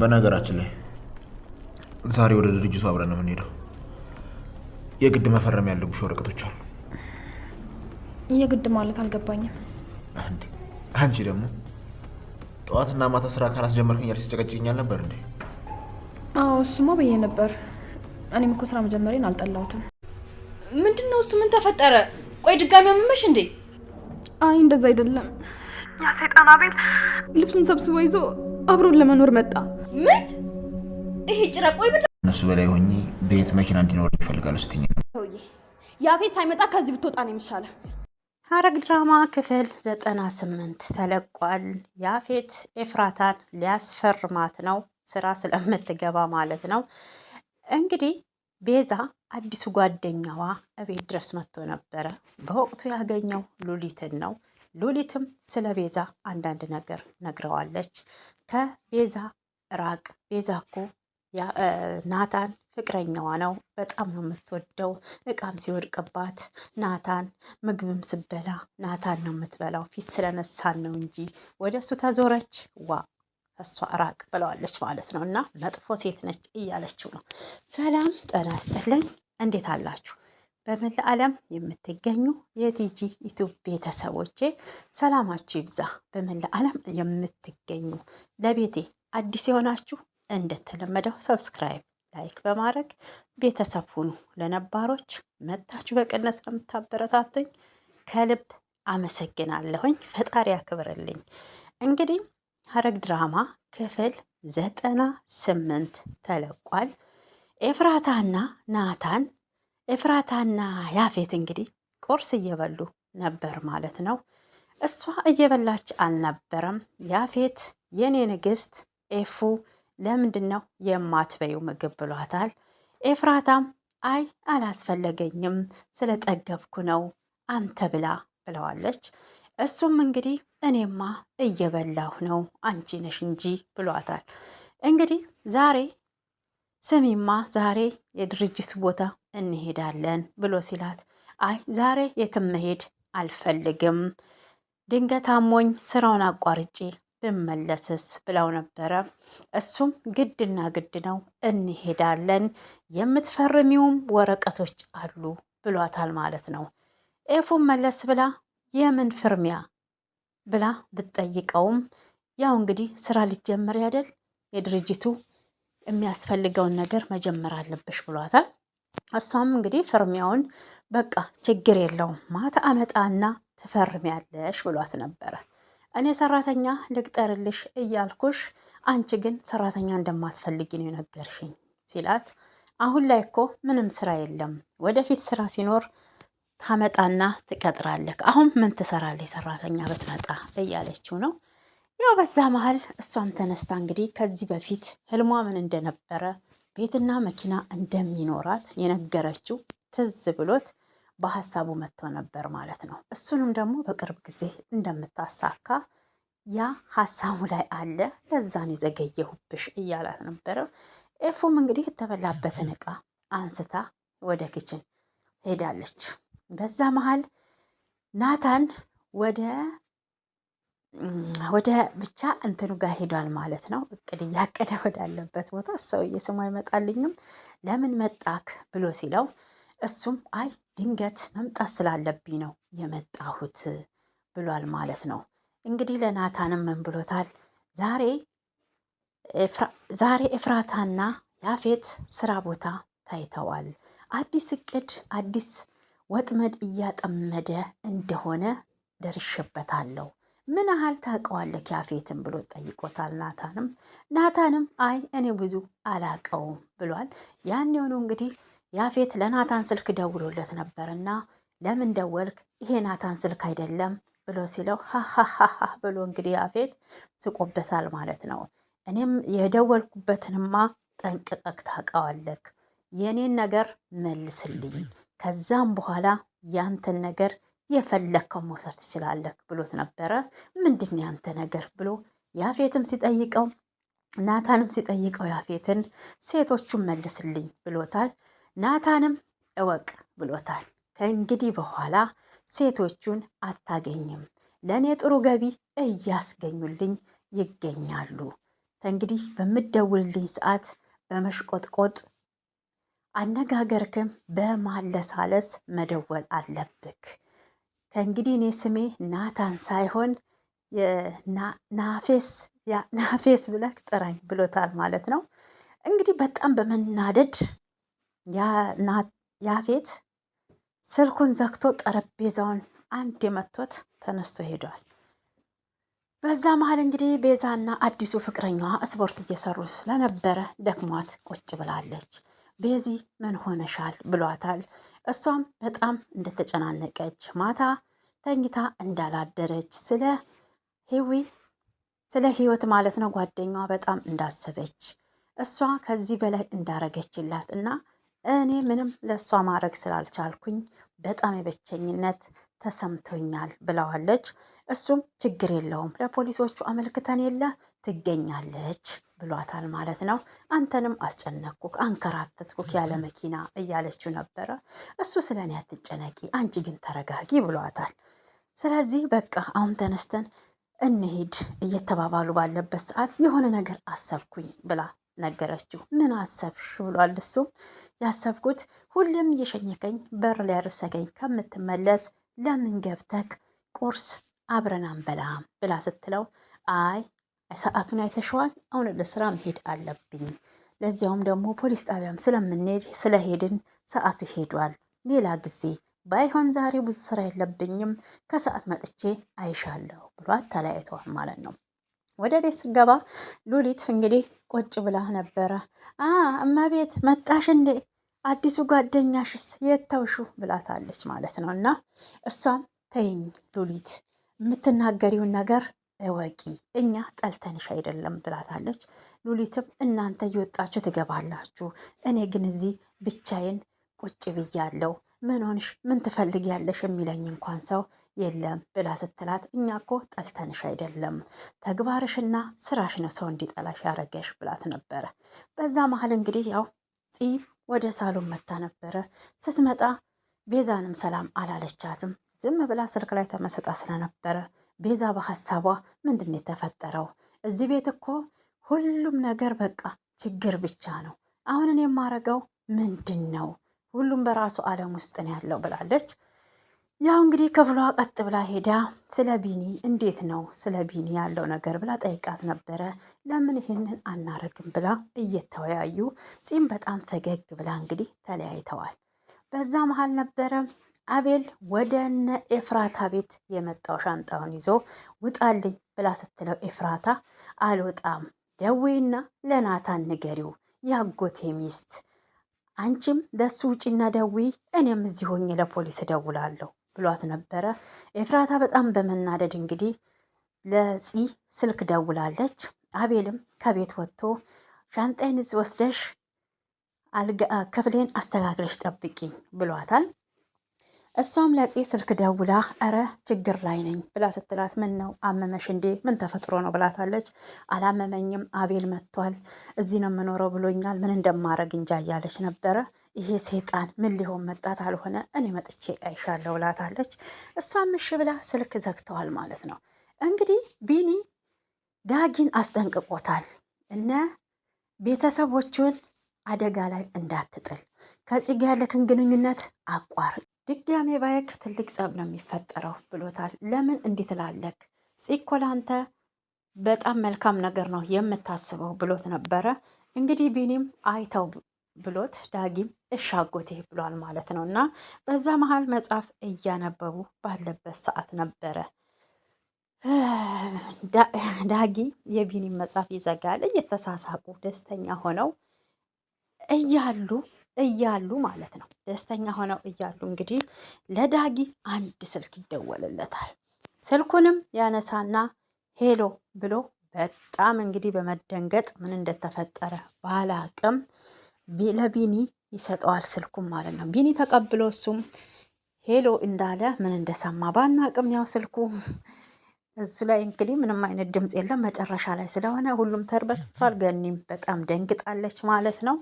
በነገራችን ላይ ዛሬ ወደ ድርጅቱ አብረን ነው የምንሄደው። የግድ መፈረም ያለብሽ ወረቀቶች አሉ። የግድ ማለት አልገባኝም። አንቺ ደግሞ ጠዋትና ማታ ስራ ካላስጀመርከኝ ያልሽ ጨቀጭኛል ነበር እንዴ? አዎ እሱማ ብዬ ነበር። እኔም እኮ ስራ መጀመሪያን አልጠላሁትም። ምንድን ነው እሱ? ምን ተፈጠረ? ቆይ ድጋሚ አመመሽ እንዴ? አይ እንደዛ አይደለም። ያ ሰይጣን አቤል ልብሱን ሰብስቦ ይዞ አብሮን ለመኖር መጣ። ምን ይሄ ጭራቆ ወይ እነሱ በላይ ሆኜ ቤት መኪና እንዲኖር ይፈልጋል። ስትኝ ነው ሰውዬ። የአፌት ሳይመጣ ከዚህ ብትወጣ ነው የሚሻለው። ሐረግ ድራማ ክፍል ዘጠና ስምንት ተለቋል። ያፌት ኤፍራታን ሊያስፈርማት ነው፣ ስራ ስለምትገባ ማለት ነው። እንግዲህ ቤዛ አዲሱ ጓደኛዋ እቤት ድረስ መጥቶ ነበረ። በወቅቱ ያገኘው ሉሊትን ነው። ሉሊትም ስለ ቤዛ አንዳንድ ነገር ነግረዋለች። ከቤዛ ራቅ። ቤዛ እኮ ናታን ፍቅረኛዋ ነው። በጣም ነው የምትወደው። እቃም ሲወድቅባት ናታን፣ ምግብም ስበላ ናታን ነው የምትበላው። ፊት ስለነሳን ነው እንጂ ወደ እሱ ተዞረች ዋ እሷ ራቅ ብለዋለች ማለት ነው። እና መጥፎ ሴት ነች እያለችው ነው። ሰላም ጤና ይስጥልኝ። እንዴት አላችሁ? በመላ ዓለም የምትገኙ የቲጂ ዩቱብ ቤተሰቦቼ ሰላማችሁ ይብዛ። በመላ ዓለም የምትገኙ ለቤቴ አዲስ የሆናችሁ እንደተለመደው ሰብስክራይብ፣ ላይክ በማድረግ ቤተሰብ ሁኑ። ለነባሮች መታችሁ በቅነት ስለምታበረታትኝ ከልብ አመሰግናለሁኝ። ፈጣሪ ያክብርልኝ። እንግዲህ ሐረግ ድራማ ክፍል ዘጠና ስምንት ተለቋል። ኤፍራታና ናታን ኤፍራታና ያፌት እንግዲህ ቁርስ እየበሉ ነበር ማለት ነው። እሷ እየበላች አልነበረም። ያፌት የኔ ንግስት ኤፉ ለምንድን ነው የማትበዩ ምግብ ብሏታል። ኤፍራታም አይ አላስፈለገኝም ስለጠገብኩ ነው አንተ ብላ ብለዋለች። እሱም እንግዲህ እኔማ እየበላሁ ነው አንቺ ነሽ እንጂ ብሏታል። እንግዲህ ዛሬ ስሚማ ዛሬ የድርጅት ቦታ እንሄዳለን ብሎ ሲላት አይ ዛሬ የትም መሄድ አልፈልግም፣ ድንገት አሞኝ ስራውን አቋርጬ ብመለስስ ብለው ነበረ። እሱም ግድና ግድ ነው እንሄዳለን፣ የምትፈርሚውም ወረቀቶች አሉ ብሏታል ማለት ነው። ኤፉም መለስ ብላ የምን ፍርሚያ ብላ ብትጠይቀውም ያው እንግዲህ ስራ ሊጀመር ያደል የድርጅቱ የሚያስፈልገውን ነገር መጀመር አለብሽ ብሏታል። እሷም እንግዲህ ፍርሚያውን በቃ ችግር የለውም ማታ አመጣና ትፈርሚያለሽ ብሏት ነበረ። እኔ ሰራተኛ ልቅጠርልሽ እያልኩሽ አንቺ ግን ሰራተኛ እንደማትፈልጊ ነው የነገርሽኝ ሲላት፣ አሁን ላይ እኮ ምንም ስራ የለም፣ ወደፊት ስራ ሲኖር ታመጣና ትቀጥራለህ፣ አሁን ምን ትሰራለች ሰራተኛ ብትመጣ እያለችው ነው። ያው በዛ መሀል እሷም ተነስታ እንግዲህ ከዚህ በፊት ህልሟ ምን እንደነበረ ቤትና መኪና እንደሚኖራት የነገረችው ትዝ ብሎት በሀሳቡ መጥቶ ነበር ማለት ነው። እሱንም ደግሞ በቅርብ ጊዜ እንደምታሳካ ያ ሀሳቡ ላይ አለ። ለዛን የዘገየሁብሽ እያላት ነበረ። ኤፉም እንግዲህ የተበላበትን እቃ አንስታ ወደ ክችን ሄዳለች። በዛ መሀል ናታን ወደ ወደ ብቻ እንትኑ ጋር ሄዷል ማለት ነው። እቅድ እያቀደ ወዳለበት ቦታ ሰውዬ ስሙ አይመጣልኝም ለምን መጣክ ብሎ ሲለው እሱም አይ ድንገት መምጣት ስላለብኝ ነው የመጣሁት ብሏል ማለት ነው። እንግዲህ ለናታንም ምን ብሎታል? ዛሬ ዛሬ ኤፍራታና ያፌት ስራ ቦታ ታይተዋል። አዲስ እቅድ፣ አዲስ ወጥመድ እያጠመደ እንደሆነ ደርሼበታለሁ ምን ያህል ታውቀዋለህ ያፌትን ብሎ ጠይቆታል። ናታንም ናታንም አይ እኔ ብዙ አላውቀውም ብሏል። ያን የሆኑ እንግዲህ ያፌት ለናታን ስልክ ደውሎለት ነበርና ለምን ደወልክ? ይሄ ናታን ስልክ አይደለም ብሎ ሲለው ሀሀሀሀ ብሎ እንግዲህ ያፌት ስቆበታል ማለት ነው። እኔም የደወልኩበትንማ ጠንቅቀክ ታውቀዋለክ። የእኔን ነገር መልስልኝ፣ ከዛም በኋላ ያንተን ነገር የፈለግከው መውሰድ ትችላለህ ብሎት ነበረ። ምንድን ነው ያንተ ነገር ብሎ ያፌትም ሲጠይቀው ናታንም ሲጠይቀው ያፌትን ሴቶቹን መልስልኝ ብሎታል። ናታንም እወቅ ብሎታል። ከእንግዲህ በኋላ ሴቶቹን አታገኝም፣ ለእኔ ጥሩ ገቢ እያስገኙልኝ ይገኛሉ። ከእንግዲህ በምደውልልኝ ሰዓት በመሽቆጥቆጥ አነጋገርክም በማለሳለስ መደወል አለብክ ከእንግዲህ እኔ ስሜ ናታን ሳይሆን ናፌስ ብለህ ጥራኝ ብሎታል ማለት ነው። እንግዲህ በጣም በመናደድ ያፌት ስልኩን ዘግቶ ጠረጴዛውን አንድ የመቶት ተነስቶ ሄደዋል። በዛ መሀል እንግዲህ ቤዛና አዲሱ ፍቅረኛዋ ስፖርት እየሰሩ ስለነበረ ደክሟት ቁጭ ብላለች። ቤዚ ምን ሆነሻል ብሏታል። እሷም በጣም እንደተጨናነቀች ማታ ተኝታ እንዳላደረች ስለ ሂዊ ስለ ህይወት ማለት ነው ጓደኛዋ በጣም እንዳሰበች እሷ ከዚህ በላይ እንዳረገችላት እና እኔ ምንም ለእሷ ማድረግ ስላልቻልኩኝ በጣም የበቸኝነት ተሰምቶኛል ብለዋለች። እሱም ችግር የለውም ለፖሊሶቹ አመልክተን የለ ትገኛለች ብሏታል ማለት ነው። አንተንም አስጨነቅኩክ አንከራተትኩክ ያለ መኪና እያለችው ነበረ። እሱ ስለ እኔ አትጨነቂ፣ አንቺ ግን ተረጋጊ ብሏታል። ስለዚህ በቃ አሁን ተነስተን እንሄድ እየተባባሉ ባለበት ሰዓት የሆነ ነገር አሰብኩኝ ብላ ነገረችው። ምን አሰብሽ ብሏል። እሱም ያሰብኩት ሁሌም እየሸኘከኝ በር ሊያርሰገኝ ከምትመለስ ለምን ገብተክ ቁርስ አብረን አንበላም ብላ ስትለው አይ ሰዓቱን አይተሸዋል። አሁን ለስራ መሄድ አለብኝ። ለዚያውም ደግሞ ፖሊስ ጣቢያም ስለምንሄድ ስለሄድን ሰዓቱ ሄዷል። ሌላ ጊዜ ባይሆን ዛሬ ብዙ ስራ የለብኝም ከሰዓት መጥቼ አይሻለሁ ብሎ ተለያይተዋል ማለት ነው። ወደ ቤት ስገባ ሉሊት እንግዲህ ቁጭ ብላ ነበረ። አ እመቤት መጣሽ እንዴ? አዲሱ ጓደኛሽስ የት ተውሹ? ብላታለች ማለት ነው። እና እሷም ተይኝ ሉሊት የምትናገሪውን ነገር እወቂ እኛ ጠልተንሽ አይደለም ብላታለች። ሉሊትም እናንተ እየወጣችሁ ትገባላችሁ፣ እኔ ግን እዚህ ብቻዬን ቁጭ ብያለሁ። ምን ሆንሽ? ምን ትፈልጊያለሽ? የሚለኝ እንኳን ሰው የለም ብላ ስትላት እኛ እኮ ጠልተንሽ አይደለም ተግባርሽና ስራሽ ነው ሰው እንዲጠላሽ ያረገሽ ብላት ነበረ። በዛ መሀል እንግዲህ ያው ፂ ወደ ሳሎን መታ ነበረ። ስትመጣ ቤዛንም ሰላም አላለቻትም። ዝም ብላ ስልክ ላይ ተመሰጣ ስለነበረ ቤዛ በሀሳቧ ምንድን የተፈጠረው እዚህ ቤት እኮ ሁሉም ነገር በቃ ችግር ብቻ ነው። አሁንን የማረገው ምንድን ነው? ሁሉም በራሱ ዓለም ውስጥ ነው ያለው ብላለች። ያው እንግዲህ ክፍሏ ቀጥ ብላ ሄዳ ስለ ቢኒ እንዴት ነው ስለ ቢኒ ያለው ነገር ብላ ጠይቃት ነበረ። ለምን ይህንን አናረግም ብላ እየተወያዩ ፂም በጣም ፈገግ ብላ እንግዲህ ተለያይተዋል። በዛ መሀል ነበረ አቤል ወደ እነ ኤፍራታ ቤት የመጣው ሻንጣውን ይዞ ውጣልኝ ብላ ስትለው ኤፍራታ አልወጣም፣ ደዌና ለናታን ንገሪው ያጎቴ ሚስት አንቺም ለሱ ውጪና ደዊ እኔም እዚህ ሆኜ ለፖሊስ እደውላለሁ ብሏት ነበረ። ኤፍራታ በጣም በመናደድ እንግዲህ ለፂ ስልክ ደውላለች። አቤልም ከቤት ወጥቶ ሻንጣዬን ወስደሽ ክፍሌን አስተካክለሽ ጠብቂኝ ብሏታል። እሷም ለፄ ስልክ ደውላ እረ ችግር ላይ ነኝ ብላ ስትላት ምን ነው አመመሽ እንዴ? ምን ተፈጥሮ ነው ብላታለች። አላመመኝም፣ አቤል መጥቷል፣ እዚህ ነው የምኖረው ብሎኛል፣ ምን እንደማረግ እንጃ እያለች ነበረ። ይሄ ሴጣን ምን ሊሆን መጣት አልሆነ፣ እኔ መጥቼ አይሻለሁ ብላታለች። እሷም እሺ ብላ ስልክ ዘግተዋል ማለት ነው። እንግዲህ ቢኒ ዳጊን አስጠንቅቆታል እነ ቤተሰቦቹን አደጋ ላይ እንዳትጥል ከጽጌ ያለክን ግንኙነት አቋርጥ ድጋሜ ባየክ ትልቅ ጸብ ነው የሚፈጠረው ብሎታል። ለምን እንዴት ላለክ ፂኮ ለአንተ በጣም መልካም ነገር ነው የምታስበው ብሎት ነበረ። እንግዲህ ቢኒም አይተው ብሎት ዳጊም እሻጎቴ ብሏል ማለት ነው። እና በዛ መሀል መጽሐፍ እያነበቡ ባለበት ሰዓት ነበረ ዳጊ የቢኒም መጽሐፍ ይዘጋል። እየተሳሳቁ ደስተኛ ሆነው እያሉ እያሉ ማለት ነው። ደስተኛ ሆነው እያሉ እንግዲህ ለዳጊ አንድ ስልክ ይደወልለታል። ስልኩንም ያነሳና ሄሎ ብሎ በጣም እንግዲህ በመደንገጥ ምን እንደተፈጠረ ባለ አቅም ለቢኒ ይሰጠዋል ስልኩም ማለት ነው። ቢኒ ተቀብሎ እሱም ሄሎ እንዳለ ምን እንደሰማ ባናቅም ያው ስልኩ እሱ ላይ እንግዲህ ምንም አይነት ድምፅ የለም። መጨረሻ ላይ ስለሆነ ሁሉም ተርበትቷል። ገኒም በጣም ደንግጣለች ማለት ነው።